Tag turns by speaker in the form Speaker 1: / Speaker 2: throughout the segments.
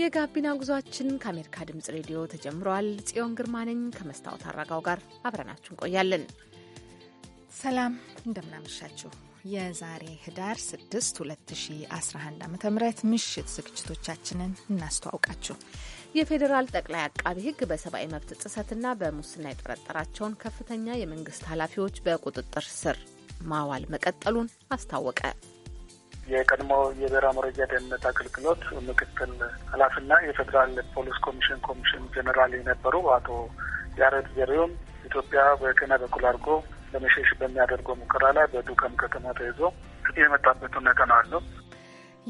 Speaker 1: የጋቢና ጉዟችን ከአሜሪካ ድምጽ ሬዲዮ ተጀምሯል። ጽዮን ግርማ ነኝ ከመስታወት አረጋው ጋር
Speaker 2: አብረናችሁ እንቆያለን። ሰላም እንደምናመሻችሁ። የዛሬ ህዳር 6 2011 ዓ ም ምሽት ዝግጅቶቻችንን እናስተዋውቃችሁ። የፌዴራል ጠቅላይ አቃቢ
Speaker 1: ህግ በሰብአዊ መብት ጥሰትና በሙስና
Speaker 2: የጠረጠራቸውን
Speaker 1: ከፍተኛ የመንግስት ኃላፊዎች በቁጥጥር ስር ማዋል መቀጠሉን አስታወቀ።
Speaker 3: የቀድሞ የብሔራዊ መረጃ ደህንነት አገልግሎት ምክትል ኃላፊና የፌዴራል ፖሊስ ኮሚሽን ኮሚሽን ጀኔራል የነበሩ አቶ ያሬድ ዘሪሁን ኢትዮጵያ በኬንያ በኩል አድርጎ ለመሸሽ በሚያደርገው ሙከራ ላይ በዱከም ከተማ ተይዞ የመጣበት ሁኔታ ነው አለው።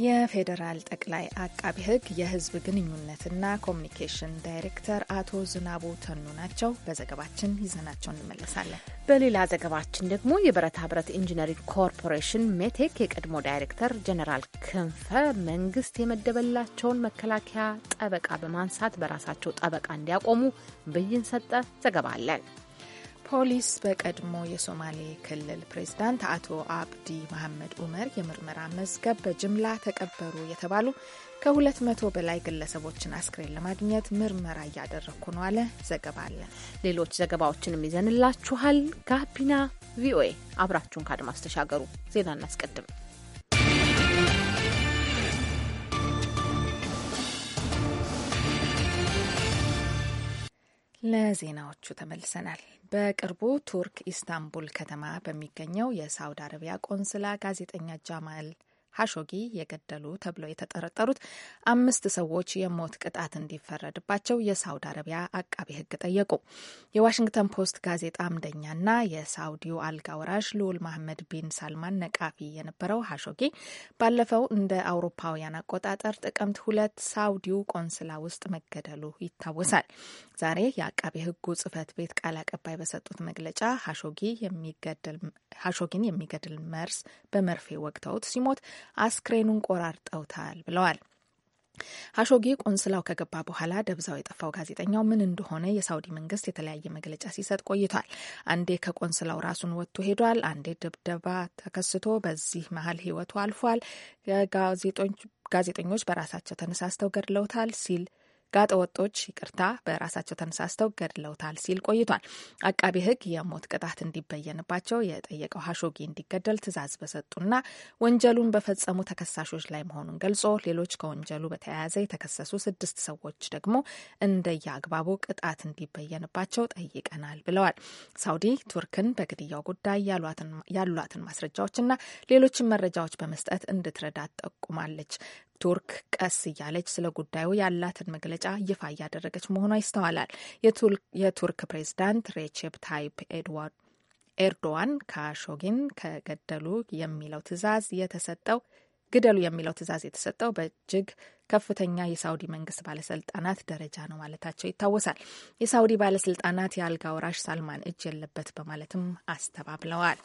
Speaker 2: የፌዴራል ጠቅላይ አቃቢ ሕግ የሕዝብ ግንኙነትና ኮሚኒኬሽን ዳይሬክተር አቶ ዝናቡ ተኑ ናቸው። በዘገባችን ይዘናቸው እንመለሳለን።
Speaker 1: በሌላ ዘገባችን ደግሞ የብረታ ብረት ኢንጂነሪንግ ኮርፖሬሽን ሜቴክ የቀድሞ ዳይሬክተር ጀኔራል ክንፈ መንግስት የመደበላቸውን መከላከያ
Speaker 2: ጠበቃ በማንሳት በራሳቸው ጠበቃ እንዲያቆሙ ብይን ሰጠ። ዘገባ አለን። ፖሊስ በቀድሞ የሶማሌ ክልል ፕሬዝዳንት አቶ አብዲ መሐመድ ኡመር የምርመራ መዝገብ በጅምላ ተቀበሩ የተባሉ ከሁለት መቶ በላይ ግለሰቦችን አስክሬን ለማግኘት ምርመራ እያደረግኩ ነው አለ። ዘገባ አለ።
Speaker 1: ሌሎች ዘገባዎችንም ይዘንላችኋል። ጋቢና ቪኦኤ አብራችሁን ከአድማስ ተሻገሩ። ዜና እናስቀድም።
Speaker 2: ለዜናዎቹ ተመልሰናል። በቅርቡ ቱርክ ኢስታንቡል ከተማ በሚገኘው የሳውዲ አረቢያ ቆንስላ ጋዜጠኛ ጃማል ሀሾጊ የገደሉ ተብለው የተጠረጠሩት አምስት ሰዎች የሞት ቅጣት እንዲፈረድባቸው የሳውዲ አረቢያ አቃቤ ሕግ ጠየቁ። የዋሽንግተን ፖስት ጋዜጣ አምደኛና የሳውዲው አልጋ ወራሽ ልዑል መሐመድ ቢን ሳልማን ነቃፊ የነበረው ሀሾጊ ባለፈው እንደ አውሮፓውያን አቆጣጠር ጥቅምት ሁለት ሳውዲው ቆንስላ ውስጥ መገደሉ ይታወሳል። ዛሬ የአቃቤ ሕጉ ጽህፈት ቤት ቃል አቀባይ በሰጡት መግለጫ ሀሾጊን የሚገድል መርስ በመርፌ ወቅተውት ሲሞት አስክሬኑን ቆራርጠውታል ብለዋል። ሀሾጊ ቆንስላው ከገባ በኋላ ደብዛው የጠፋው ጋዜጠኛው ምን እንደሆነ የሳውዲ መንግስት የተለያየ መግለጫ ሲሰጥ ቆይቷል። አንዴ ከቆንስላው ራሱን ወጥቶ ሄዷል። አንዴ ድብደባ ተከስቶ በዚህ መሀል ህይወቱ አልፏል። ጋዜጠኞች በራሳቸው ተነሳስተው ገድለውታል ሲል ጋጠ ወጦች ይቅርታ በራሳቸው ተነሳስተው ገድለውታል ሲል ቆይቷል። አቃቢ ሕግ የሞት ቅጣት እንዲበየንባቸው የጠየቀው ሀሾጊ እንዲገደል ትዕዛዝ በሰጡና ወንጀሉን በፈጸሙ ተከሳሾች ላይ መሆኑን ገልጾ ሌሎች ከወንጀሉ በተያያዘ የተከሰሱ ስድስት ሰዎች ደግሞ እንደየአግባቡ ቅጣት እንዲበየንባቸው ጠይቀናል ብለዋል። ሳውዲ ቱርክን በግድያው ጉዳይ ያሏትን ማስረጃዎችና ሌሎችን መረጃዎች በመስጠት እንድትረዳት ጠቁማለች። ቱርክ ቀስ እያለች ስለ ጉዳዩ ያላትን መግለጫ ይፋ እያደረገች መሆኗ ይስተዋላል። የቱርክ ፕሬዝዳንት ሬቼፕ ታይፕ ኤርዶዋን ካሾጊን ከገደሉ የሚለው ትዕዛዝ የተሰጠው ግደሉ የሚለው ትዕዛዝ የተሰጠው በእጅግ ከፍተኛ የሳውዲ መንግስት ባለስልጣናት ደረጃ ነው ማለታቸው ይታወሳል። የሳውዲ ባለስልጣናት የአልጋ ወራሽ ሳልማን እጅ የለበት በማለትም አስተባብለዋል።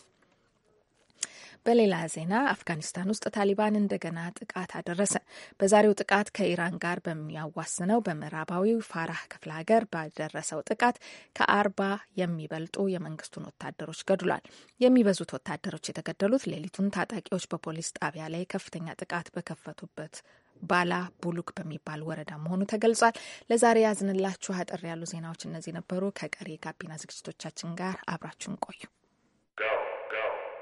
Speaker 2: በሌላ ዜና አፍጋኒስታን ውስጥ ታሊባን እንደገና ጥቃት አደረሰ። በዛሬው ጥቃት ከኢራን ጋር በሚያዋስነው በምዕራባዊው ፋራህ ክፍለ ሀገር ባደረሰው ጥቃት ከአርባ የሚበልጡ የመንግስቱን ወታደሮች ገድሏል። የሚበዙት ወታደሮች የተገደሉት ሌሊቱን ታጣቂዎች በፖሊስ ጣቢያ ላይ ከፍተኛ ጥቃት በከፈቱበት ባላ ቡሉክ በሚባል ወረዳ መሆኑ ተገልጿል። ለዛሬ ያዝንላችሁ አጠር ያሉ ዜናዎች እነዚህ ነበሩ። ከቀሪ ጋቢና ዝግጅቶቻችን ጋር አብራችሁን ቆዩ።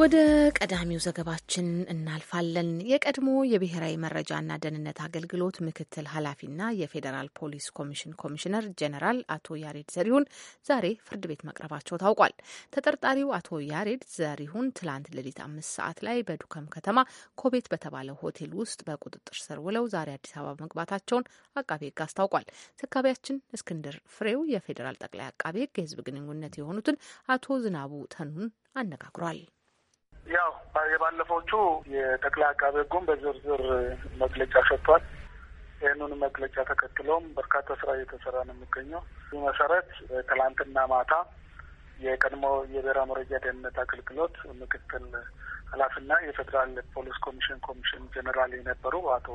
Speaker 1: ወደ ቀዳሚው ዘገባችን እናልፋለን። የቀድሞ የብሔራዊ መረጃና ደህንነት አገልግሎት ምክትል ኃላፊና የፌዴራል ፖሊስ ኮሚሽን ኮሚሽነር ጀነራል አቶ ያሬድ ዘሪሁን ዛሬ ፍርድ ቤት መቅረባቸው ታውቋል። ተጠርጣሪው አቶ ያሬድ ዘሪሁን ትላንት ሌሊት አምስት ሰዓት ላይ በዱከም ከተማ ኮቤት በተባለ ሆቴል ውስጥ በቁጥጥር ስር ውለው ዛሬ አዲስ አበባ መግባታቸውን አቃቤ ሕግ አስታውቋል። ዘጋቢያችን እስክንድር ፍሬው የፌዴራል ጠቅላይ አቃቤ ሕግ የህዝብ ግንኙነት የሆኑትን አቶ ዝናቡ ተኑን አነጋግሯል።
Speaker 3: ያው የባለፈዎቹ የጠቅላይ አቃቤ ሕጉም በዝርዝር መግለጫ ሰጥቷል። ይህንን መግለጫ ተከትሎም በርካታ ስራ እየተሰራ ነው የሚገኘው። ይህ መሰረት ትላንትና ማታ የቀድሞ የብሔራዊ መረጃ ደህንነት አገልግሎት ምክትል ኃላፊና የፌዴራል ፖሊስ ኮሚሽን ኮሚሽን ጀኔራል የነበሩ አቶ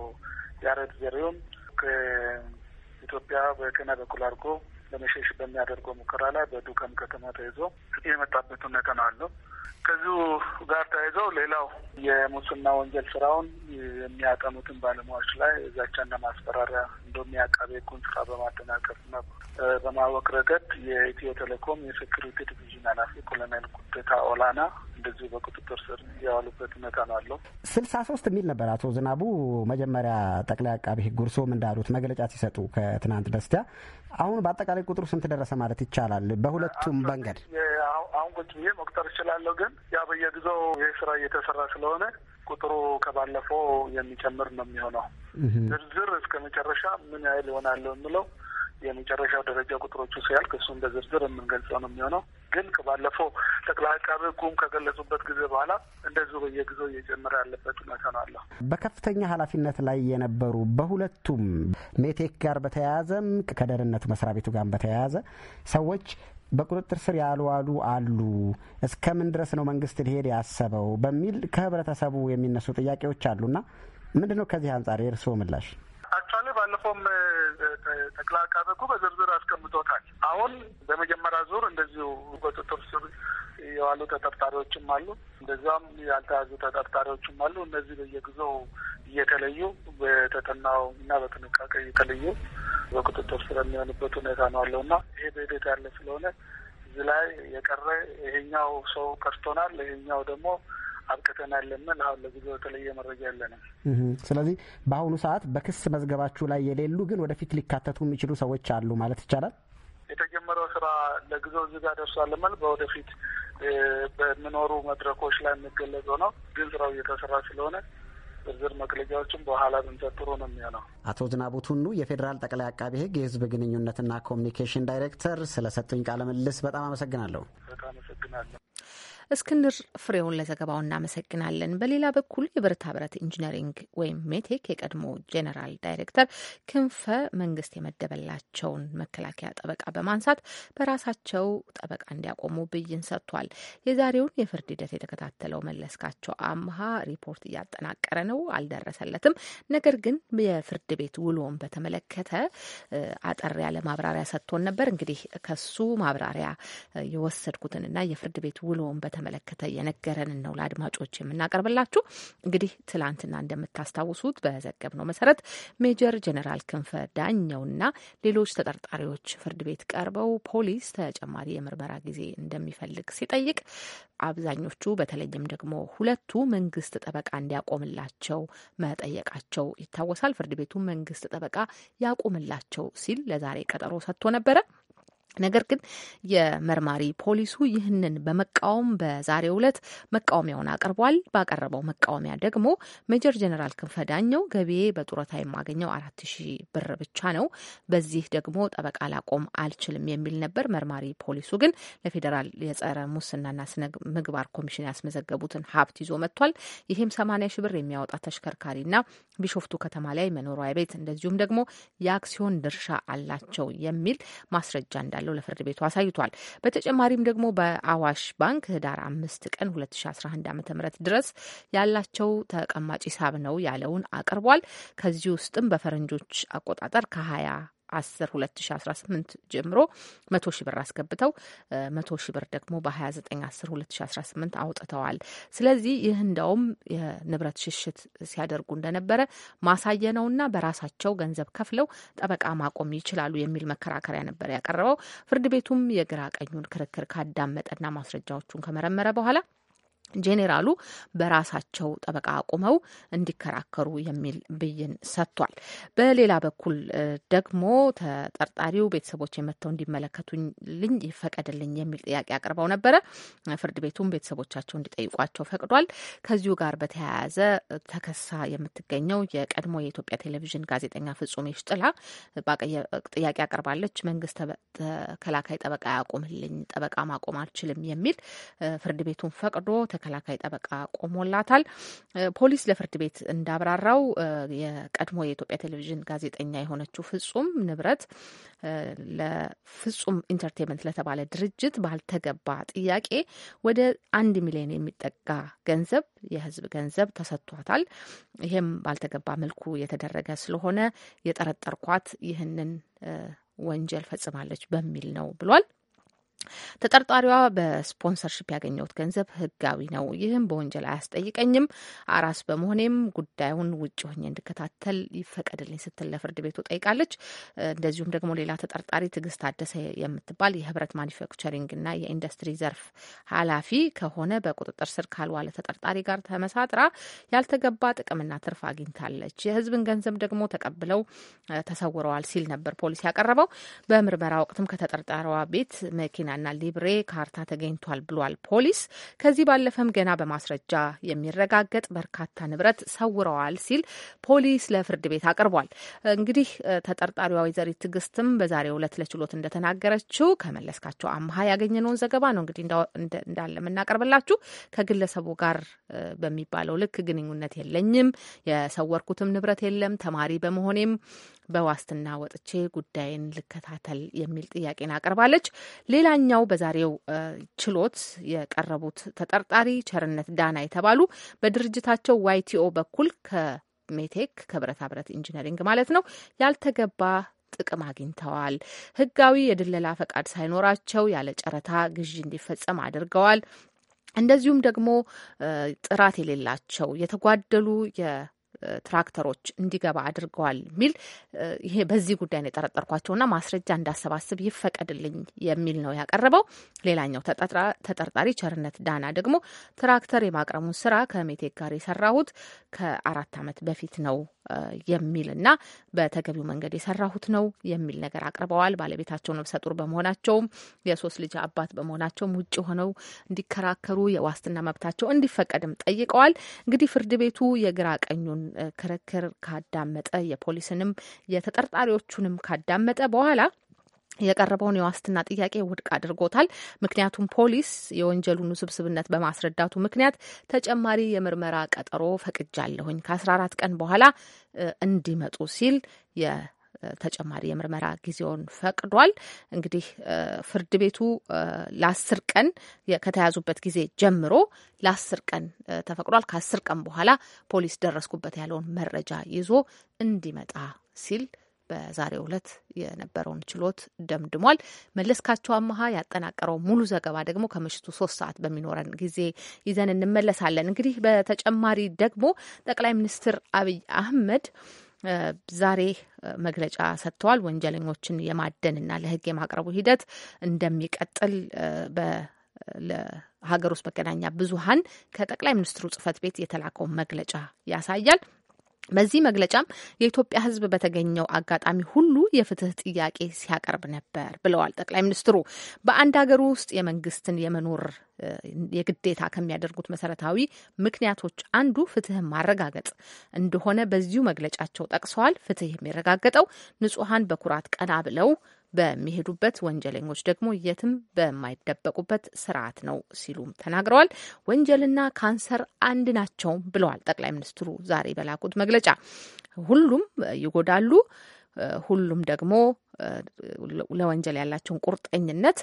Speaker 3: ያሬድ ዘሪሁን ከኢትዮጵያ በኬንያ በኩል አድርጎ ለመሸሽ በሚያደርገው ሙከራ ላይ በዱከም ከተማ ተይዞ የመጣበት ሁኔታ ነው አለው። ከዚሁ ጋር ተያይዘው ሌላው የሙስና ወንጀል ስራውን የሚያጠኑትን ባለሙያዎች ላይ እዛቻና ማስፈራሪያ እንደውም የአቃቤ ሕጉን ስራ በማደናቀፍና በማወቅ ረገድ የኢትዮ ቴሌኮም የሴኩሪቲ ዲቪዥን ኃላፊ ኮሎኔል ጉደታ ኦላና እንደዚሁ በቁጥጥር ስር ያዋሉበት ሁኔታ ነው አለው።
Speaker 4: ስልሳ ሶስት የሚል ነበር አቶ ዝናቡ መጀመሪያ ጠቅላይ አቃቢ ሕግ እርስዎም እንዳሉት መግለጫ ሲሰጡ ከትናንት በስቲያ። አሁን በአጠቃላይ ቁጥሩ ስንት ደረሰ ማለት ይቻላል? በሁለቱም መንገድ
Speaker 3: አሁን ቁጭ ብዬ መቁጠር እችላለሁ፣ ግን ያ በየጊዜው ይህ ስራ እየተሰራ ስለሆነ ቁጥሩ ከባለፈው የሚጨምር ነው የሚሆነው። ዝርዝር እስከ መጨረሻ ምን ያህል ይሆናለሁ የምለው የመጨረሻው ደረጃ ቁጥሮቹ ሲያልቅ እሱን በዝርዝር የምንገልጸው ነው የሚሆነው። ግን ባለፈው ጠቅላይ አቃቤ ሕጉም ከገለጹበት ጊዜ በኋላ እንደዚሁ በየጊዜው እየጨመረ ያለበት ሁኔታ
Speaker 4: ነው አለ። በከፍተኛ ኃላፊነት ላይ የነበሩ በሁለቱም ሜቴክ ጋር በተያያዘም ከደህንነቱ መስሪያ ቤቱ ጋር በተያያዘ ሰዎች በቁጥጥር ስር ያልዋሉ አሉ። እስከምን ድረስ ነው መንግስት ሊሄድ ያሰበው በሚል ከህብረተሰቡ የሚነሱ ጥያቄዎች አሉና ምንድን ነው ከዚህ አንጻር የእርስዎ ምላሽ? አክቹዋሊ ባለፈውም
Speaker 3: ጠቅላይ አቃቤ ሕጉ በዝርዝር አስቀምጦታል። አሁን በመጀመሪያ ዙር እንደዚሁ በቁጥጥር ስር የዋሉ ተጠርጣሪዎችም አሉ፣ እንደዚያም ያልተያዙ ተጠርጣሪዎችም አሉ። እነዚህ በየጊዜው እየተለዩ በተጠናው እና በጥንቃቄ እየተለዩ በቁጥጥር ስር የሚሆንበት ሁኔታ ነው አለው እና ይሄ በሂደት ያለ ስለሆነ እዚህ ላይ የቀረ ይሄኛው ሰው ቀርቶናል፣ ይሄኛው ደግሞ አብቅተናል የሚል አሁን ለጊዜው የተለየ መረጃ የለንም።
Speaker 4: ስለዚህ በአሁኑ ሰዓት በክስ መዝገባችሁ ላይ የሌሉ ግን ወደፊት ሊካተቱ የሚችሉ ሰዎች አሉ ማለት ይቻላል።
Speaker 3: የተጀመረው ስራ ለጊዜው እዚህ ጋር ደርሷል የሚል በወደፊት በሚኖሩ መድረኮች ላይ የሚገለጸው ነው። ግን ስራው እየተሰራ ስለሆነ ዝርዝር መግለጫዎችን በኋላ ብንሰጥ ጥሩ ነው የሚሆነው።
Speaker 4: አቶ ዝናቡ ቱኑ የፌዴራል ጠቅላይ አቃቢ ሕግ የህዝብ ግንኙነትና ኮሚኒኬሽን ዳይሬክተር፣ ስለሰጡኝ ቃለ ምልልስ በጣም አመሰግናለሁ።
Speaker 5: በጣም አመሰግናለሁ።
Speaker 1: እስክንድር ፍሬውን ለዘገባው እናመሰግናለን። በሌላ በኩል የብረታ ብረት ኢንጂነሪንግ ወይም ሜቴክ የቀድሞ ጄኔራል ዳይሬክተር ክንፈ መንግስት የመደበላቸውን መከላከያ ጠበቃ በማንሳት በራሳቸው ጠበቃ እንዲያቆሙ ብይን ሰጥቷል። የዛሬውን የፍርድ ሂደት የተከታተለው መለስካቸው አምሃ ሪፖርት እያጠናቀረ ነው፣ አልደረሰለትም። ነገር ግን የፍርድ ቤት ውሎን በተመለከተ አጠር ያለ ማብራሪያ ሰጥቶን ነበር። እንግዲህ ከሱ ማብራሪያ የወሰድኩትንና የፍርድ ቤት ውሎን በተ በተመለከተ የነገረንን ነው ለአድማጮች የምናቀርብላችሁ። እንግዲህ ትላንትና እንደምታስታውሱት በዘገብነው መሰረት ሜጀር ጀነራል ክንፈ ዳኘውና ሌሎች ተጠርጣሪዎች ፍርድ ቤት ቀርበው ፖሊስ ተጨማሪ የምርመራ ጊዜ እንደሚፈልግ ሲጠይቅ አብዛኞቹ በተለይም ደግሞ ሁለቱ መንግስት ጠበቃ እንዲያቆምላቸው መጠየቃቸው ይታወሳል። ፍርድ ቤቱ መንግስት ጠበቃ ያቆምላቸው ሲል ለዛሬ ቀጠሮ ሰጥቶ ነበረ። ነገር ግን የመርማሪ ፖሊሱ ይህንን በመቃወም በዛሬው ዕለት መቃወሚያውን አቅርቧል። ባቀረበው መቃወሚያ ደግሞ ሜጀር ጀነራል ክንፈ ዳኘው ገቢዬ በጡረታ የማገኘው አራት ሺ ብር ብቻ ነው፣ በዚህ ደግሞ ጠበቃ ላቆም አልችልም የሚል ነበር። መርማሪ ፖሊሱ ግን ለፌዴራል የጸረ ሙስናና ስነ ምግባር ኮሚሽን ያስመዘገቡትን ሀብት ይዞ መጥቷል። ይህም ሰማኒያ ሺ ብር የሚያወጣ ተሽከርካሪና ቢሾፍቱ ከተማ ላይ መኖሪያ ቤት እንደዚሁም ደግሞ የአክሲዮን ድርሻ አላቸው የሚል ማስረጃ እንዳ እንዳለው ለፍርድ ቤቱ አሳይቷል። በተጨማሪም ደግሞ በአዋሽ ባንክ ህዳር አምስት ቀን 2011 ዓ ም ድረስ ያላቸው ተቀማጭ ሂሳብ ነው ያለውን አቅርቧል። ከዚህ ውስጥም በፈረንጆች አቆጣጠር ከ20 10 2018 ጀምሮ 100 ሺህ ብር አስገብተው 100 ሺህ ብር ደግሞ በ29 10 2018 አውጥተዋል። ስለዚህ ይህ እንደውም የንብረት ሽሽት ሲያደርጉ እንደነበረ ማሳየ ነውና በራሳቸው ገንዘብ ከፍለው ጠበቃ ማቆም ይችላሉ የሚል መከራከሪያ ነበር ያቀረበው። ፍርድ ቤቱም የግራ ቀኙን ክርክር ካዳመጠና ማስረጃዎቹን ከመረመረ በኋላ ጄኔራሉ በራሳቸው ጠበቃ አቁመው እንዲከራከሩ የሚል ብይን ሰጥቷል። በሌላ በኩል ደግሞ ተጠርጣሪው ቤተሰቦች የመጥተው እንዲመለከቱልኝ ይፈቀድልኝ የሚል ጥያቄ አቅርበው ነበረ። ፍርድ ቤቱም ቤተሰቦቻቸው እንዲጠይቋቸው ፈቅዷል። ከዚሁ ጋር በተያያዘ ተከሳ የምትገኘው የቀድሞ የኢትዮጵያ ቴሌቪዥን ጋዜጠኛ ፍጹሜ ሽጥላ ጥያቄ አቅርባለች። መንግስት ተከላካይ ጠበቃ ያቁምልኝ፣ ጠበቃ ማቆም አልችልም የሚል ፍርድ ቤቱን ፈቅዶ ተከላካይ ጠበቃ ቆሞላታል። ፖሊስ ለፍርድ ቤት እንዳብራራው የቀድሞ የኢትዮጵያ ቴሌቪዥን ጋዜጠኛ የሆነችው ፍጹም ንብረት ለፍጹም ኢንተርቴንመንት ለተባለ ድርጅት ባልተገባ ጥያቄ ወደ አንድ ሚሊዮን የሚጠጋ ገንዘብ የህዝብ ገንዘብ ተሰጥቷታል። ይህም ባልተገባ መልኩ የተደረገ ስለሆነ የጠረጠርኳት ይህንን ወንጀል ፈጽማለች በሚል ነው ብሏል። ተጠርጣሪዋ በስፖንሰርሽፕ ያገኘሁት ገንዘብ ህጋዊ ነው፣ ይህም በወንጀል አያስጠይቀኝም፣ አራስ በመሆኔም ጉዳዩን ውጭ ሆኜ እንድከታተል ይፈቀድልኝ ስትል ለፍርድ ቤቱ ጠይቃለች። እንደዚሁም ደግሞ ሌላ ተጠርጣሪ ትዕግስት አደሰ የምትባል የህብረት ማኒፋክቸሪንግና የኢንዱስትሪ ዘርፍ ኃላፊ ከሆነ በቁጥጥር ስር ካልዋለ ተጠርጣሪ ጋር ተመሳጥራ ያልተገባ ጥቅምና ትርፍ አግኝታለች፣ የህዝብን ገንዘብ ደግሞ ተቀብለው ተሰውረዋል ሲል ነበር ፖሊስ ያቀረበው። በምርመራ ወቅትም ከተጠርጣሪዋ ቤት መኪና ና ሊብሬ ካርታ ተገኝቷል ብሏል ፖሊስ። ከዚህ ባለፈም ገና በማስረጃ የሚረጋገጥ በርካታ ንብረት ሰውረዋል ሲል ፖሊስ ለፍርድ ቤት አቅርቧል። እንግዲህ ተጠርጣሪዋ ወይዘሪት ትግስትም በዛሬው ዕለት ለችሎት እንደተናገረችው ከመለስካቸው አምሃ ያገኘነውን ዘገባ ነው እንግዲህ እንዳለ የምናቀርብላችሁ። ከግለሰቡ ጋር በሚባለው ልክ ግንኙነት የለኝም፣ የሰወርኩትም ንብረት የለም፣ ተማሪ በመሆኔም በዋስትና ወጥቼ ጉዳይን ልከታተል የሚል ጥያቄን አቅርባለች። ሌላኛው በዛሬው ችሎት የቀረቡት ተጠርጣሪ ቸርነት ዳና የተባሉ በድርጅታቸው ዋይቲኦ በኩል ከሜቴክ ከብረታ ብረት ኢንጂነሪንግ ማለት ነው ያልተገባ ጥቅም አግኝተዋል፣ ህጋዊ የድለላ ፈቃድ ሳይኖራቸው ያለ ጨረታ ግዢ እንዲፈጸም አድርገዋል እንደዚሁም ደግሞ ጥራት የሌላቸው የተጓደሉ ትራክተሮች እንዲገባ አድርገዋል የሚል ይሄ በዚህ ጉዳይ ነው የጠረጠርኳቸውና ማስረጃ እንዳሰባስብ ይፈቀድልኝ የሚል ነው ያቀረበው። ሌላኛው ተጠርጣሪ ቸርነት ዳና ደግሞ ትራክተር የማቅረሙን ስራ ከሜቴክ ጋር የሰራሁት ከአራት ዓመት በፊት ነው የሚልና በተገቢው መንገድ የሰራሁት ነው የሚል ነገር አቅርበዋል። ባለቤታቸው ነብሰጡር በመሆናቸውም የሶስት ልጅ አባት በመሆናቸውም ውጭ ሆነው እንዲከራከሩ የዋስትና መብታቸው እንዲፈቀድም ጠይቀዋል። እንግዲህ ፍርድ ቤቱ የግራ ቀኙን ክርክር ካዳመጠ የፖሊስንም የተጠርጣሪዎቹንም ካዳመጠ በኋላ የቀረበውን የዋስትና ጥያቄ ውድቅ አድርጎታል። ምክንያቱም ፖሊስ የወንጀሉን ውስብስብነት በማስረዳቱ ምክንያት ተጨማሪ የምርመራ ቀጠሮ ፈቅጃለሁኝ ከ አራት ቀን በኋላ እንዲመጡ ሲል ተጨማሪ የምርመራ ጊዜውን ፈቅዷል። እንግዲህ ፍርድ ቤቱ ለአስር ቀን ከተያዙበት ጊዜ ጀምሮ ለአስር ቀን ተፈቅዷል። ከአስር ቀን በኋላ ፖሊስ ደረስኩበት ያለውን መረጃ ይዞ እንዲመጣ ሲል በዛሬው ዕለት የነበረውን ችሎት ደምድሟል። መለስካቸው አመሀ ያጠናቀረው ሙሉ ዘገባ ደግሞ ከምሽቱ ሶስት ሰዓት በሚኖረን ጊዜ ይዘን እንመለሳለን። እንግዲህ በተጨማሪ ደግሞ ጠቅላይ ሚኒስትር አብይ አህመድ ዛሬ መግለጫ ሰጥተዋል። ወንጀለኞችን የማደንና ለህግ የማቅረቡ ሂደት እንደሚቀጥል በ ለሀገር ውስጥ መገናኛ ብዙሃን ከጠቅላይ ሚኒስትሩ ጽህፈት ቤት የተላከውን መግለጫ ያሳያል። በዚህ መግለጫም የኢትዮጵያ ሕዝብ በተገኘው አጋጣሚ ሁሉ የፍትህ ጥያቄ ሲያቀርብ ነበር ብለዋል ጠቅላይ ሚኒስትሩ። በአንድ ሀገር ውስጥ የመንግስትን የመኖር የግዴታ ከሚያደርጉት መሰረታዊ ምክንያቶች አንዱ ፍትህ ማረጋገጥ እንደሆነ በዚሁ መግለጫቸው ጠቅሰዋል። ፍትህ የሚረጋገጠው ንጹሐን በኩራት ቀና ብለው በሚሄዱበት ወንጀለኞች ደግሞ የትም በማይደበቁበት ስርዓት ነው ሲሉም ተናግረዋል። ወንጀልና ካንሰር አንድ ናቸው ብለዋል ጠቅላይ ሚኒስትሩ ዛሬ በላኩት መግለጫ። ሁሉም ይጎዳሉ፣ ሁሉም ደግሞ ለወንጀል ያላቸውን ቁርጠኝነት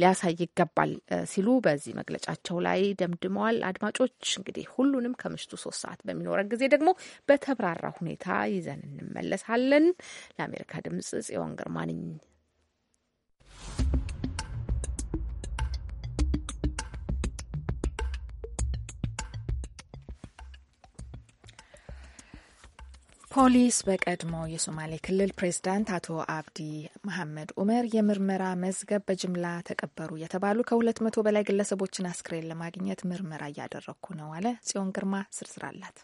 Speaker 1: ሊያሳይ ይገባል ሲሉ በዚህ መግለጫቸው ላይ ደምድመዋል። አድማጮች እንግዲህ ሁሉንም ከምሽቱ ሶስት ሰዓት በሚኖረን ጊዜ ደግሞ በተብራራ ሁኔታ ይዘን እንመለሳለን። ለአሜሪካ ድምጽ ጽዮን ግርማ ነኝ።
Speaker 2: ፖሊስ በቀድሞ የሶማሌ ክልል ፕሬዝዳንት አቶ አብዲ መሐመድ ኡመር የምርመራ መዝገብ በጅምላ ተቀበሩ የተባሉ ከሁለት መቶ በላይ ግለሰቦችን አስክሬን ለማግኘት ምርመራ እያደረግኩ ነው አለ። ጽዮን ግርማ ዝርዝር አላት።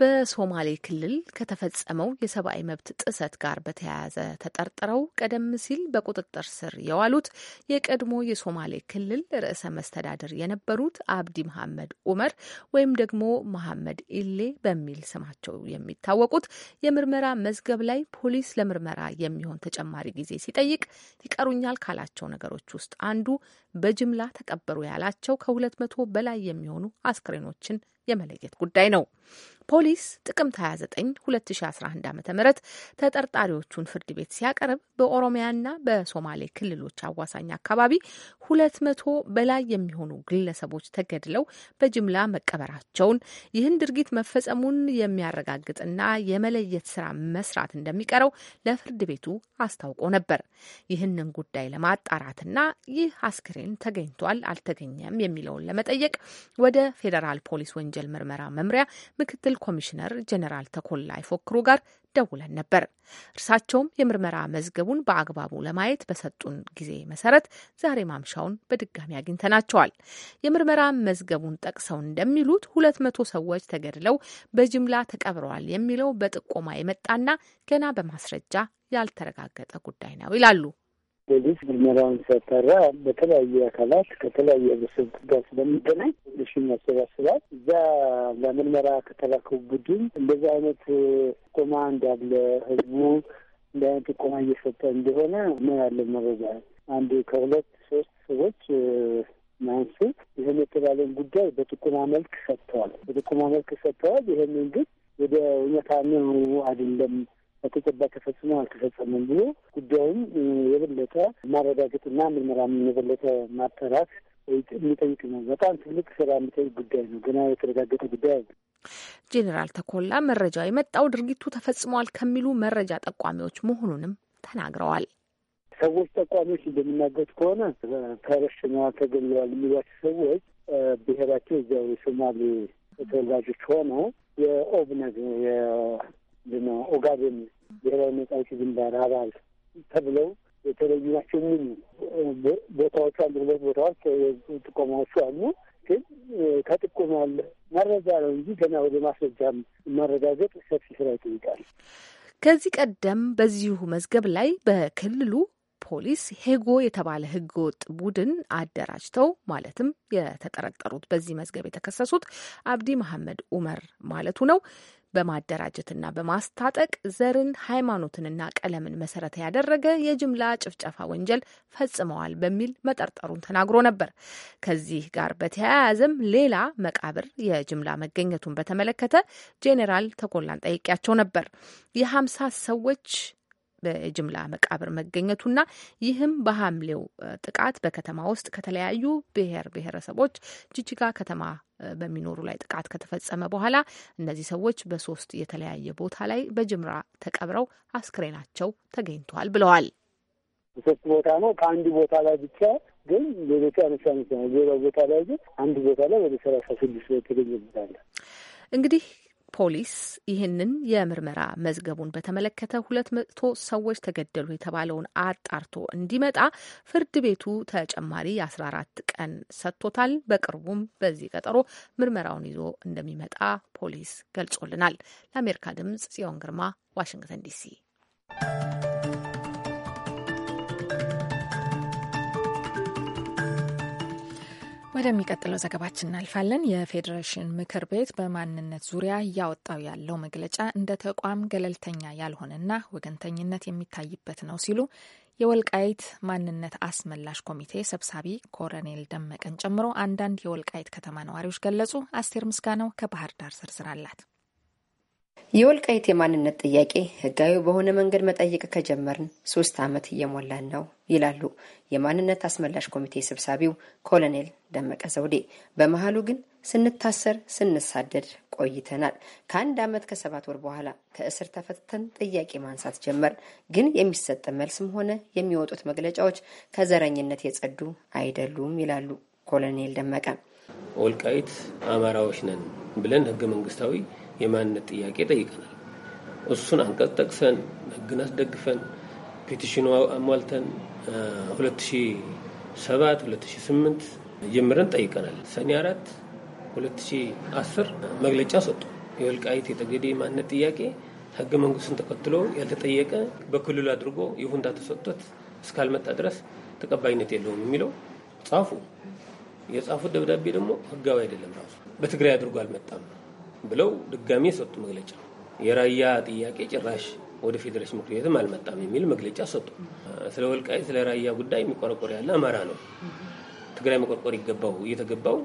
Speaker 1: በሶማሌ ክልል ከተፈጸመው የሰብአዊ መብት ጥሰት ጋር በተያያዘ ተጠርጥረው ቀደም ሲል በቁጥጥር ስር የዋሉት የቀድሞ የሶማሌ ክልል ርዕሰ መስተዳድር የነበሩት አብዲ መሐመድ ኡመር ወይም ደግሞ መሐመድ ኢሌ በሚል ስማቸው የሚታወቁት የምርመራ መዝገብ ላይ ፖሊስ ለምርመራ የሚሆን ተጨማሪ ጊዜ ሲጠይቅ ይቀሩኛል ካላቸው ነገሮች ውስጥ አንዱ በጅምላ ተቀበሩ ያላቸው ከሁለት መቶ በላይ የሚሆኑ አስክሬኖችን የመለየት ጉዳይ ነው። ፖሊስ ጥቅምት 29 2011 ዓ ም ተጠርጣሪዎቹን ፍርድ ቤት ሲያቀርብ በኦሮሚያና በሶማሌ ክልሎች አዋሳኝ አካባቢ ሁለት መቶ በላይ የሚሆኑ ግለሰቦች ተገድለው በጅምላ መቀበራቸውን ይህን ድርጊት መፈጸሙን የሚያረጋግጥና የመለየት ስራ መስራት እንደሚቀረው ለፍርድ ቤቱ አስታውቆ ነበር። ይህንን ጉዳይ ለማጣራትና ይህ አስክሬን ተገኝቷል አልተገኘም የሚለውን ለመጠየቅ ወደ ፌዴራል ፖሊስ ወንጀል የወንጀል ምርመራ መምሪያ ምክትል ኮሚሽነር ጀኔራል ተኮላ ይፎክሩ ጋር ደውለን ነበር። እርሳቸውም የምርመራ መዝገቡን በአግባቡ ለማየት በሰጡን ጊዜ መሰረት ዛሬ ማምሻውን በድጋሚ አግኝተናቸዋል። የምርመራ መዝገቡን ጠቅሰው እንደሚሉት ሁለት መቶ ሰዎች ተገድለው በጅምላ ተቀብረዋል የሚለው በጥቆማ የመጣና ገና በማስረጃ ያልተረጋገጠ ጉዳይ ነው ይላሉ
Speaker 5: ፖሊስ ምርመራውን ሲያጠራ በተለያዩ አካላት ከተለያዩ ብስብ ጋር ስለሚገናኝ ሽኝ ያሰባስባል። እዛ ለምርመራ ከተላከው ቡድን እንደዚህ አይነት ጥቆማ እንዳለ ህዝቡ እንደ አይነት ጥቆማ እየሰጠ እንደሆነ ምን ያለ መረጃ። አንድ ከሁለት ሶስት ሰዎች ማንሱ ይህን የተባለን ጉዳይ በጥቁማ መልክ ሰጥተዋል። በጥቁማ መልክ ሰጥተዋል። ይህንን ግን ወደ እውነታ ነው አይደለም በተጨባ ተፈጽሞ አልተፈጸመም ብሎ ጉዳዩም የበለጠ ማረጋገጥና ምርመራም የበለጠ ማጠራት የሚጠይቅ ነው። በጣም ትልቅ ስራ የሚጠይቅ ጉዳይ ነው። ገና የተረጋገጠ ጉዳይ አለ።
Speaker 1: ጄኔራል ተኮላ መረጃ የመጣው ድርጊቱ ተፈጽሟል ከሚሉ መረጃ ጠቋሚዎች መሆኑንም ተናግረዋል።
Speaker 5: ሰዎች ጠቋሚዎች እንደሚናገሩት ከሆነ ተረሽነዋል፣ ተገለዋል የሚሏቸው ሰዎች ብሔራቸው እዚያው የሶማሌ ተወላጆች ሆነው የኦብነግ ኦጋዴን ብሔራዊ ነጻ አውጪ ግንባር አባል ተብለው የተለዩ ናቸው ምን ቦታዎቹ አንድ ሁለት ቦታዎች ጥቆማዎቹ አሉ። ግን ከጥቆማ ያለ መረጃ ነው እንጂ ገና ወደ ማስረጃም ማረጋገጥ ሰፊ ስራ ይጠይቃል።
Speaker 1: ከዚህ ቀደም በዚሁ መዝገብ ላይ በክልሉ ፖሊስ ሄጎ የተባለ ህገወጥ ቡድን አደራጅተው ማለትም የተጠረጠሩት በዚህ መዝገብ የተከሰሱት አብዲ መሐመድ ኡመር ማለቱ ነው በማደራጀትና በማስታጠቅ ዘርን፣ ሃይማኖትንና ቀለምን መሰረተ ያደረገ የጅምላ ጭፍጨፋ ወንጀል ፈጽመዋል በሚል መጠርጠሩን ተናግሮ ነበር። ከዚህ ጋር በተያያዘም ሌላ መቃብር የጅምላ መገኘቱን በተመለከተ ጄኔራል ተኮላን ጠይቄያቸው ነበር። የሀምሳ ሰዎች በጅምላ መቃብር መገኘቱና ይህም በሐምሌው ጥቃት በከተማ ውስጥ ከተለያዩ ብሔር ብሔረሰቦች ጅጅጋ ከተማ በሚኖሩ ላይ ጥቃት ከተፈጸመ በኋላ እነዚህ ሰዎች በሶስት የተለያየ ቦታ ላይ በጅምራ ተቀብረው አስክሬናቸው ተገኝተዋል ብለዋል።
Speaker 5: ሶስት ቦታ ነው ከአንድ ቦታ ላይ ብቻ ግን ሌሎቹ አነሳ ነው። ሌላው ቦታ ላይ ግን አንድ ቦታ ላይ ወደ ሰላሳ ስድስት ተገኘበታለ
Speaker 1: እንግዲህ ፖሊስ ይህንን የምርመራ መዝገቡን በተመለከተ ሁለት መቶ ሰዎች ተገደሉ የተባለውን አጣርቶ እንዲመጣ ፍርድ ቤቱ ተጨማሪ የአስራ አራት ቀን ሰጥቶታል። በቅርቡም በዚህ ቀጠሮ ምርመራውን ይዞ እንደሚመጣ ፖሊስ ገልጾልናል። ለአሜሪካ ድምጽ ጽዮን ግርማ ዋሽንግተን ዲሲ
Speaker 2: ወደሚቀጥለው ዘገባችን እናልፋለን። የፌዴሬሽን ምክር ቤት በማንነት ዙሪያ እያወጣው ያለው መግለጫ እንደ ተቋም ገለልተኛ ያልሆነና ወገንተኝነት የሚታይበት ነው ሲሉ የወልቃይት ማንነት አስመላሽ ኮሚቴ ሰብሳቢ ኮረኔል ደመቀን ጨምሮ አንዳንድ የወልቃይት ከተማ ነዋሪዎች ገለጹ። አስቴር ምስጋናው ከባህር ዳር ዝርዝር አላት።
Speaker 6: የወልቃይት የማንነት ጥያቄ ህጋዊ በሆነ መንገድ መጠየቅ ከጀመርን ሶስት ዓመት እየሞላን ነው ይላሉ የማንነት አስመላሽ ኮሚቴ ሰብሳቢው ኮሎኔል ደመቀ ዘውዴ። በመሀሉ ግን ስንታሰር፣ ስንሳደድ ቆይተናል። ከአንድ ዓመት ከሰባት ወር በኋላ ከእስር ተፈትተን ጥያቄ ማንሳት ጀመር። ግን የሚሰጥ መልስም ሆነ የሚወጡት መግለጫዎች ከዘረኝነት የጸዱ አይደሉም ይላሉ ኮሎኔል ደመቀ።
Speaker 7: ወልቃይት አማራዎች ነን ብለን ህገ መንግስታዊ የማንነት ጥያቄ ጠይቀናል። እሱን አንቀጽ ጠቅሰን ህግን አስደግፈን ፔቲሽኑ አሟልተን 2007 2008 ጀምረን ጠይቀናል። ሰኔ አራት 2010 መግለጫ ሰጡ። የወልቃይት የጠገዴ ማንነት ጥያቄ ህገ መንግስቱን ተከትሎ ያልተጠየቀ በክልሉ አድርጎ ይሁንታ ተሰጥቶት እስካልመጣ ድረስ ተቀባይነት የለውም የሚለው ጻፉ። የጻፉት ደብዳቤ ደግሞ ህጋዊ አይደለም። ራሱ በትግራይ አድርጎ አልመጣም። ብለው ድጋሜ ሰጡ መግለጫ። የራያ ጥያቄ ጭራሽ ወደ ፌዴሬሽን ምክር ቤትም አልመጣም የሚል መግለጫ ሰጡ። ስለ ወልቃይ ስለ ራያ ጉዳይ የሚቆረቆር ያለ አማራ ነው። ትግራይ መቆርቆር ይገባው እየተገባው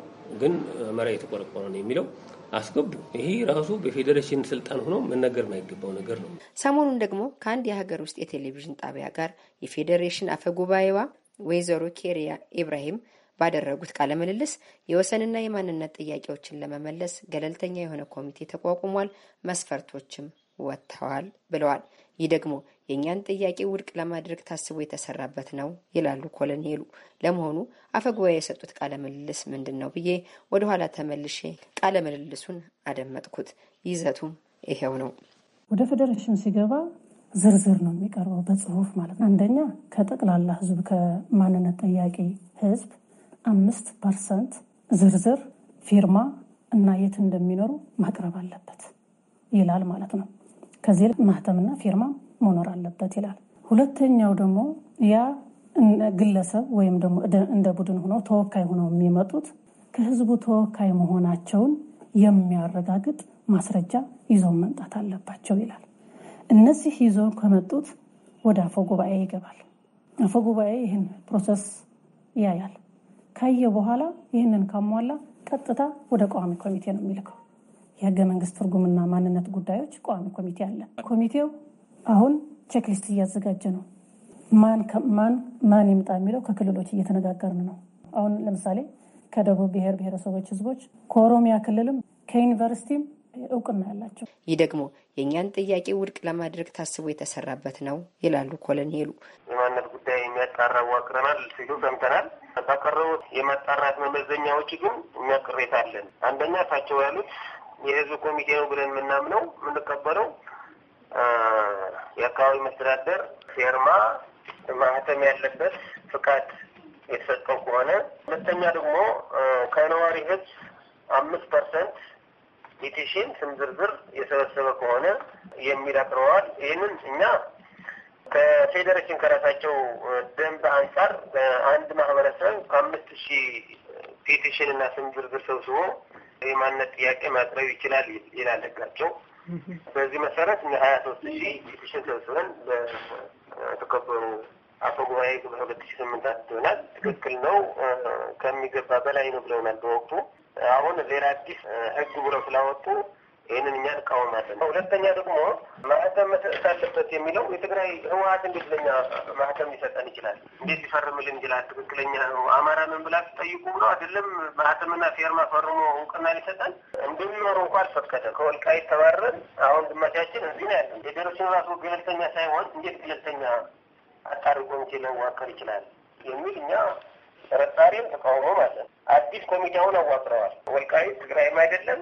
Speaker 7: ግን አማራ እየተቆረቆረ ነው የሚለው አስገቡ። ይሄ ራሱ በፌዴሬሽን ስልጣን ሆኖ መነገር የማይገባው ነገር ነው።
Speaker 6: ሰሞኑን ደግሞ ከአንድ የሀገር ውስጥ የቴሌቪዥን ጣቢያ ጋር የፌዴሬሽን አፈጉባኤዋ ወይዘሮ ኬሪያ ኢብራሂም ባደረጉት ቃለ ምልልስ የወሰንና የማንነት ጥያቄዎችን ለመመለስ ገለልተኛ የሆነ ኮሚቴ ተቋቁሟል፣ መስፈርቶችም ወጥተዋል ብለዋል። ይህ ደግሞ የእኛን ጥያቄ ውድቅ ለማድረግ ታስቦ የተሰራበት ነው ይላሉ ኮሎኔሉ። ለመሆኑ አፈጉባኤ የሰጡት ቃለ ምልልስ ምንድን ነው ብዬ ወደ ኋላ ተመልሼ ቃለ ምልልሱን አደመጥኩት። ይዘቱም ይሄው ነው።
Speaker 8: ወደ ፌዴሬሽን ሲገባ ዝርዝር ነው የሚቀርበው በጽሁፍ ማለት ነው። አንደኛ ከጠቅላላ ህዝብ ከማንነት ጥያቄ ህዝብ አምስት ፐርሰንት ዝርዝር ፊርማ እና የት እንደሚኖሩ ማቅረብ አለበት ይላል ማለት ነው። ከዚህ ማህተምና ፊርማ መኖር አለበት ይላል። ሁለተኛው ደግሞ ያ ግለሰብ ወይም ደግሞ እንደ ቡድን ሆኖ ተወካይ ሆነው የሚመጡት ከህዝቡ ተወካይ መሆናቸውን የሚያረጋግጥ ማስረጃ ይዘው መምጣት አለባቸው ይላል። እነዚህ ይዘው ከመጡት ወደ አፈ ጉባኤ ይገባል። አፈ ጉባኤ ይህን ፕሮሰስ ያያል። ካየ በኋላ ይህንን ካሟላ ቀጥታ ወደ ቋሚ ኮሚቴ ነው የሚልከው። የህገ መንግስት ትርጉምና ማንነት ጉዳዮች ቋሚ ኮሚቴ አለ። ኮሚቴው አሁን ቼክሊስት እያዘጋጀ ነው። ማን ማን ይምጣ የሚለው ከክልሎች እየተነጋገርን ነው። አሁን ለምሳሌ ከደቡብ ብሔር ብሔረሰቦች ህዝቦች፣ ከኦሮሚያ ክልልም
Speaker 6: ከዩኒቨርሲቲም እውቅና ያላቸው ይህ ደግሞ የእኛን ጥያቄ ውድቅ ለማድረግ ታስቦ የተሰራበት ነው ይላሉ ኮሎኔሉ።
Speaker 9: የማንነት ጉዳይ የሚያጣራ አዋቅረናል ሲሉ ሰምተናል። ከቀረቡት የማጣራት መመዘኛዎች ግን እኛ ቅሬታ አለን። አንደኛ ታቸው ያሉት የህዝብ ኮሚቴ ነው ብለን የምናምነው የምንቀበለው የአካባቢ መስተዳደር ፌርማ ማህተም ያለበት ፍቃድ የተሰጠው ከሆነ፣ ሁለተኛ ደግሞ ከነዋሪ ህዝብ አምስት ፐርሰንት ፒቲሽን ስም ዝርዝር የሰበሰበ ከሆነ የሚል አቅርበዋል። ይህንን እኛ ከፌዴሬሽን ከራሳቸው ደንብ አንጻር አንድ ማህበረሰብ ከአምስት ሺህ ፔቲሽን እና ስም ዝርዝር ሰብስቦ የማንነት ጥያቄ ማቅረብ ይችላል ይላል ሕጋቸው። በዚህ መሰረት እ ሀያ ሶስት ሺህ ፔቲሽን ሰብስበን በተከበሩ አፈ ጉባኤ በሁለት ሺህ ስምንት ይሆናል። ትክክል ነው፣ ከሚገባ በላይ ነው ብለውናል በወቅቱ። አሁን ሌላ አዲስ ህግ ብለው ስላወጡ ይህንን እኛ እንቃወማለን። ሁለተኛ ደግሞ ማህተም መሰጠት አለበት የሚለው የትግራይ ህወሀት እንዴት ለኛ ማህተም ሊሰጠን ይችላል? እንዴት ሊፈርምልን ይችላል? ትክክለኛ ምን ብላ ትጠይቁ ብሎ አይደለም ማህተምና ፌርማ ፈርሞ እውቅና ሊሰጠን እንደሚኖሩ እንኳ አልፈቀደ። ከወልቃይት ተባረን አሁን ግማሻችን እዚህ ነው ያለን። ፌዴሬሽን ራሱ ገለልተኛ ሳይሆን እንዴት ገለልተኛ አጣሪ ኮሚቴ ሊዋቀር ይችላል የሚል እኛ ጥርጣሬም ተቃውሞ አለን። አዲስ ኮሚቴውን አዋቅረዋል። ወልቃይት ትግራይም አይደለም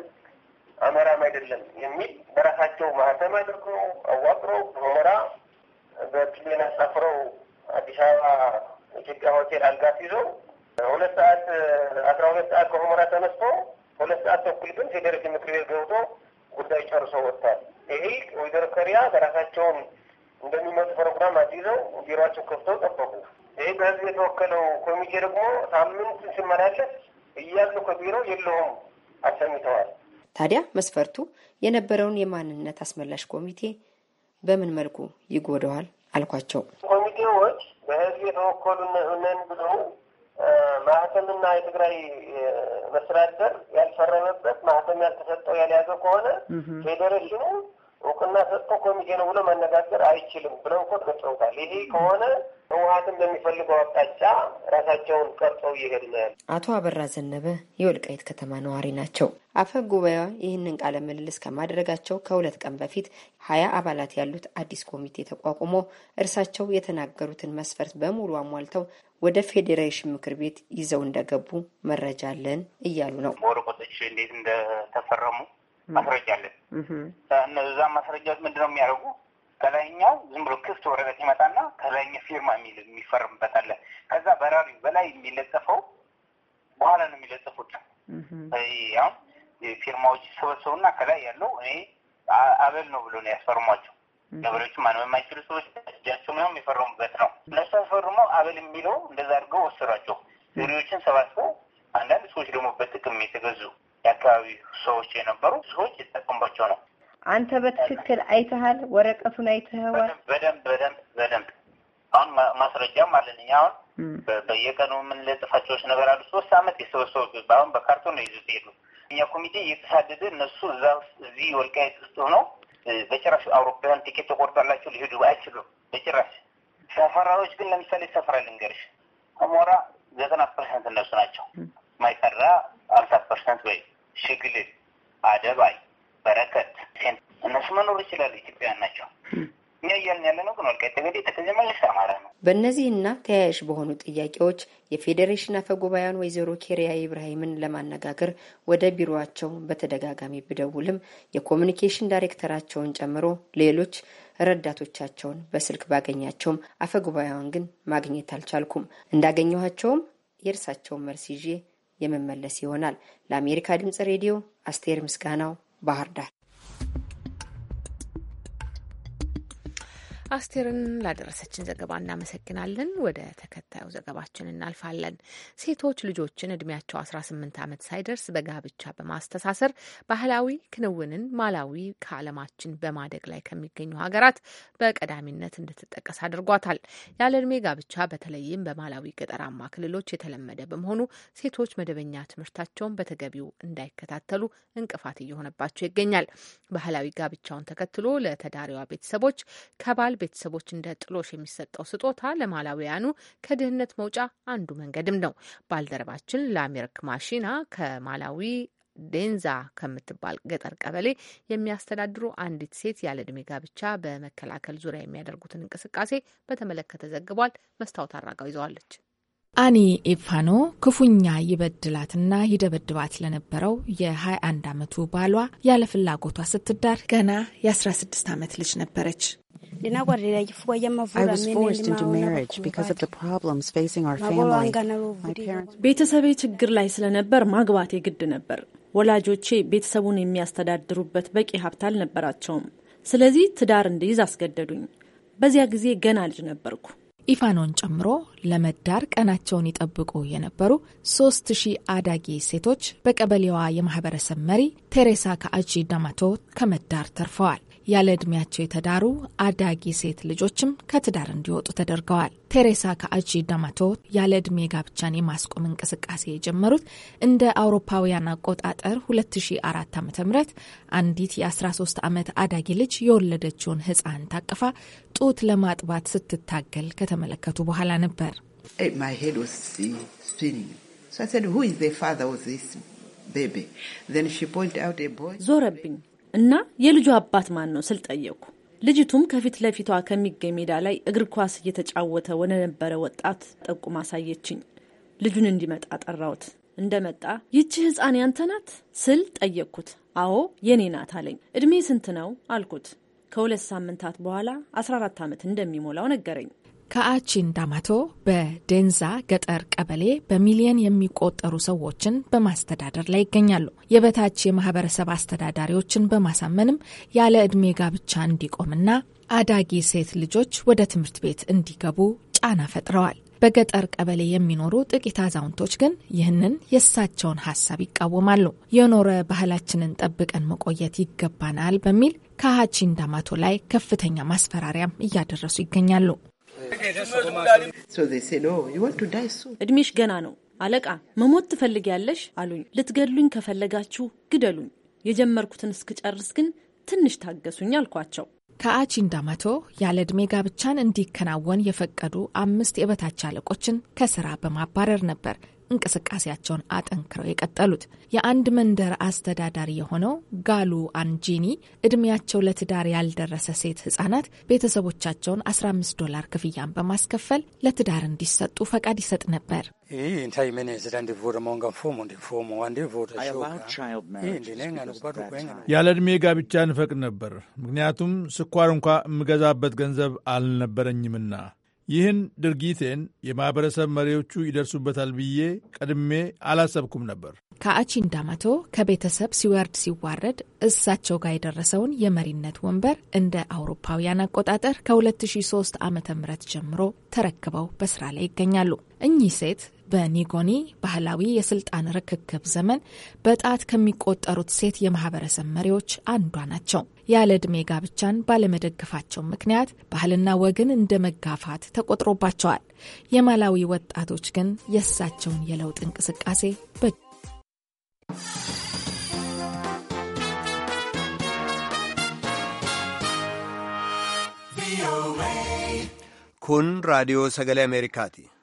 Speaker 9: አማራም አይደለም የሚል በራሳቸው ማህተም አድርገው አዋቅረው በሁመራ በፕሌን አሳፍረው አዲስ አበባ ኢትዮጵያ ሆቴል አልጋ ይዘው ሁለት ሰዓት አስራ ሁለት ሰዓት ከሁመራ ተነስቶ ሁለት ሰዓት ተኩል ግን ፌዴሬሽን ምክር ቤት ገብቶ ጉዳይ ጨርሶ ወጥቷል። ይሄ ወይዘሮ ከሪያ በራሳቸውን እንደሚመጡ ፕሮግራም አስይዘው ቢሮቸው ከፍተው ጠበቁ። ይሄ በህዝብ የተወከለው ኮሚቴ ደግሞ
Speaker 6: ሳምንት ሲመላለስ እያሉ ከቢሮ የለውም አሰሚተዋል። ታዲያ መስፈርቱ የነበረውን የማንነት አስመላሽ ኮሚቴ በምን መልኩ ይጎደዋል አልኳቸው። ኮሚቴዎች በህዝብ የተወከሉ ነን ብሎ ማህተምና
Speaker 10: የትግራይ መስተዳደር ያልፈረመበት ማህተም ያልተሰጠው ያልያዘ ከሆነ ፌዴሬሽኑ እውቅና ሰጥቶ ኮሚቴ ነው ብሎ መነጋገር አይችልም ብለው እኮ
Speaker 9: ተገጽተውታል። ይሄ ከሆነ ህወሀትን በሚፈልገው አቅጣጫ ራሳቸውን ቀርጸው
Speaker 6: እየሄዱ ነው ያሉ አቶ አበራ ዘነበ የወልቃይት ከተማ ነዋሪ ናቸው። አፈ ጉባኤዋ ይህንን ቃለ ምልልስ ከማድረጋቸው ከሁለት ቀን በፊት ሀያ አባላት ያሉት አዲስ ኮሚቴ ተቋቁሞ እርሳቸው የተናገሩትን መስፈርት በሙሉ አሟልተው ወደ ፌዴሬሽን ምክር ቤት ይዘው እንደገቡ መረጃ አለን እያሉ ነው።
Speaker 10: ወረቀቶች እንዴት እንደተፈረሙ ማስረጃ አለን። እነዛ ማስረጃዎች ምንድነው የሚያደርጉ ከላይኛው ዝም ብሎ ክፍት ወረቀት ይመጣና ከላይኛ ፊርማ የሚል የሚፈርምበት አለ። ከዛ በራሪ በላይ የሚለጠፈው በኋላ ነው የሚለጠፉት። ያው ፊርማዎች ሰበሰቡና ከላይ ያለው እኔ አበል ነው ብሎ ነው ያስፈርሟቸው። ገበሬዎቹ ማንም የማይችሉ ሰዎች እጃቸው ምንም የሚፈርሙበት ነው። እነሱ ፈርሞ አበል የሚለው እንደዛ አድርገው ወሰዷቸው። ዘሬዎችን ሰባስበው አንዳንድ ሰዎች ደግሞ በጥቅም የተገዙ የአካባቢ ሰዎች የነበሩ ሰዎች የተጠቀምባቸው ነው።
Speaker 6: አንተ በትክክል አይተሃል? ወረቀቱን አይተኸዋል?
Speaker 10: በደንብ በደንብ በደንብ አሁን ማስረጃም አለልኝ። አሁን በየቀኑ የምንለጥፋቸዎች ነገር አሉ። ሶስት አመት የሰበሰቡ አሁን በካርቶን ነው ይዙት ሄዱ። እኛ ኮሚቴ እየተሳደደ እነሱ እዛ እዚህ ወልቃይት ውስጥ ሆነው በጭራሽ አውሮፕላን ቲኬት ተቆርጣላቸው ሊሄዱ አይችሉም በጭራሽ። ሰፈራዎች ግን ለምሳሌ ሰፈራ ልንገርሽ፣ አሞራ ዘጠና ፐርሰንት እነሱ ናቸው። ማይፈራ አምሳ ፐርሰንት ወይ ሽግልል አደባይ በረከት፣ እነሱ መኖር ይችላሉ። ኢትዮጵያ ናቸው። እኛ እያልን ያለ ነው ግን ወልቃይት ጠገዴ ተከዜ መለስ
Speaker 6: አማራ ነው። በእነዚህና ተያያዥ በሆኑ ጥያቄዎች የፌዴሬሽን አፈ ጉባኤዋን ወይዘሮ ኬሪያ ኢብራሂምን ለማነጋገር ወደ ቢሮቸው በተደጋጋሚ ብደውልም የኮሚኒኬሽን ዳይሬክተራቸውን ጨምሮ ሌሎች ረዳቶቻቸውን በስልክ ባገኛቸውም አፈ ጉባኤዋን ግን ማግኘት አልቻልኩም። እንዳገኘኋቸውም የእርሳቸውን መልስ ይዤ የመመለስ ይሆናል። ለአሜሪካ ድምጽ ሬዲዮ አስቴር ምስጋናው baharda
Speaker 2: አስቴርን
Speaker 1: ላደረሰችን ዘገባ እናመሰግናለን። ወደ ተከታዩ ዘገባችን እናልፋለን። ሴቶች ልጆችን እድሜያቸው 18 ዓመት ሳይደርስ በጋብቻ በማስተሳሰር ባህላዊ ክንውንን ማላዊ ከዓለማችን በማደግ ላይ ከሚገኙ ሀገራት በቀዳሚነት እንድትጠቀስ አድርጓታል። ያለ እድሜ ጋብቻ በተለይም በማላዊ ገጠራማ ክልሎች የተለመደ በመሆኑ ሴቶች መደበኛ ትምህርታቸውን በተገቢው እንዳይከታተሉ እንቅፋት እየሆነባቸው ይገኛል። ባህላዊ ጋብቻውን ተከትሎ ለተዳሪዋ ቤተሰቦች ከባል ቤተሰቦች እንደ ጥሎሽ የሚሰጠው ስጦታ ለማላዊያኑ ከድህነት መውጫ አንዱ መንገድም ነው። ባልደረባችን ለአሜሪክ ማሺና ከማላዊ ዴንዛ ከምትባል ገጠር ቀበሌ የሚያስተዳድሩ አንዲት ሴት ያለ እድሜ ጋብቻ በመከላከል ዙሪያ የሚያደርጉትን እንቅስቃሴ በተመለከተ ዘግቧል። መስታወት አራጋው ይዘዋለች።
Speaker 2: አኒ ኢፋኖ ክፉኛ ይበድላትና ይደበድባት ለነበረው የ21 ዓመቱ ባሏ ያለ ፍላጎቷ ስትዳር ገና የ16 ዓመት ልጅ ነበረች።
Speaker 4: ቤተሰቤ
Speaker 8: ችግር ላይ ስለነበር ማግባቴ ግድ ነበር። ወላጆቼ ቤተሰቡን የሚያስተዳድሩበት በቂ ሀብት አልነበራቸውም። ስለዚህ ትዳር እንድይዝ አስገደዱኝ። በዚያ
Speaker 2: ጊዜ ገና ልጅ ነበርኩ። ኢፋኖን ጨምሮ ለመዳር ቀናቸውን ይጠብቁ የነበሩ ሶስት ሺህ አዳጊ ሴቶች በቀበሌዋ የማህበረሰብ መሪ ቴሬሳ ከአጂ ዳማቶ ከመዳር ተርፈዋል። ያለ ዕድሜያቸው የተዳሩ አዳጊ ሴት ልጆችም ከትዳር እንዲወጡ ተደርገዋል። ቴሬሳ ከአጂ ዳማቶ ያለ ዕድሜ ጋብቻን የማስቆም እንቅስቃሴ የጀመሩት እንደ አውሮፓውያን አቆጣጠር 2004 ዓ ም አንዲት የ13 ዓመት አዳጊ ልጅ የወለደችውን ህፃን ታቅፋ ጡት ለማጥባት ስትታገል ከተመለከቱ በኋላ ነበር።
Speaker 8: ዞረብኝ እና የልጁ አባት ማን ነው ስል ጠየቁ። ልጅቱም ከፊት ለፊቷ ከሚገኝ ሜዳ ላይ እግር ኳስ እየተጫወተ ወደ ነበረ ወጣት ጠቁማ አሳየችኝ። ልጁን እንዲመጣ ጠራውት። እንደመጣ ይቺ ህፃን ያንተ ናት ስል ጠየቅኩት። አዎ የኔ ናት አለኝ። እድሜ ስንት ነው አልኩት። ከሁለት ሳምንታት በኋላ አስራ አራት ዓመት
Speaker 2: እንደሚሞላው ነገረኝ። ከአቺን ዳማቶ በዴንዛ ገጠር ቀበሌ በሚሊየን የሚቆጠሩ ሰዎችን በማስተዳደር ላይ ይገኛሉ። የበታች የማህበረሰብ አስተዳዳሪዎችን በማሳመንም ያለ ዕድሜ ጋብቻ እንዲቆምና አዳጊ ሴት ልጆች ወደ ትምህርት ቤት እንዲገቡ ጫና ፈጥረዋል። በገጠር ቀበሌ የሚኖሩ ጥቂት አዛውንቶች ግን ይህንን የእሳቸውን ሀሳብ ይቃወማሉ። የኖረ ባህላችንን ጠብቀን መቆየት ይገባናል በሚል ከሀቺ እንዳማቶ ላይ ከፍተኛ ማስፈራሪያም እያደረሱ ይገኛሉ። እድሜሽ ገና ነው
Speaker 8: አለቃ መሞት ትፈልጊያለሽ አሉኝ። ልትገድሉኝ ከፈለጋችሁ ግደሉኝ፣ የጀመርኩትን
Speaker 2: እስክጨርስ ግን ትንሽ ታገሱኝ አልኳቸው። ከአቺንዳ መቶ ያለ ዕድሜ ጋብቻን እንዲከናወን የፈቀዱ አምስት የበታች አለቆችን ከስራ በማባረር ነበር እንቅስቃሴያቸውን አጠንክረው የቀጠሉት። የአንድ መንደር አስተዳዳሪ የሆነው ጋሉ አንጂኒ እድሜያቸው ለትዳር ያልደረሰ ሴት ህጻናት ቤተሰቦቻቸውን 15 ዶላር ክፍያን በማስከፈል ለትዳር እንዲሰጡ ፈቃድ ይሰጥ ነበር። ያለ ዕድሜ ጋብቻ እንፈቅድ ነበር፣ ምክንያቱም ስኳር እንኳ የምገዛበት ገንዘብ አልነበረኝምና ይህን ድርጊቴን የማኅበረሰብ መሪዎቹ ይደርሱበታል ብዬ ቀድሜ አላሰብኩም ነበር። ከአቺን ዳማቶ ከቤተሰብ ሲወርድ ሲዋረድ እሳቸው ጋር የደረሰውን የመሪነት ወንበር እንደ አውሮፓውያን አቆጣጠር ከ2003 ም ጀምሮ ተረክበው በስራ ላይ ይገኛሉ። እኚህ ሴት በኒጎኒ ባህላዊ የስልጣን ርክክብ ዘመን በጣት ከሚቆጠሩት ሴት የማህበረሰብ መሪዎች አንዷ ናቸው። ያለ ዕድሜ ጋብቻን ባለመደገፋቸው ምክንያት ባህልና ወግን እንደ መጋፋት ተቆጥሮባቸዋል። የማላዊ ወጣቶች ግን የእሳቸውን የለውጥ እንቅስቃሴ በ
Speaker 7: kun raadiyoo sagalee ameerikaati.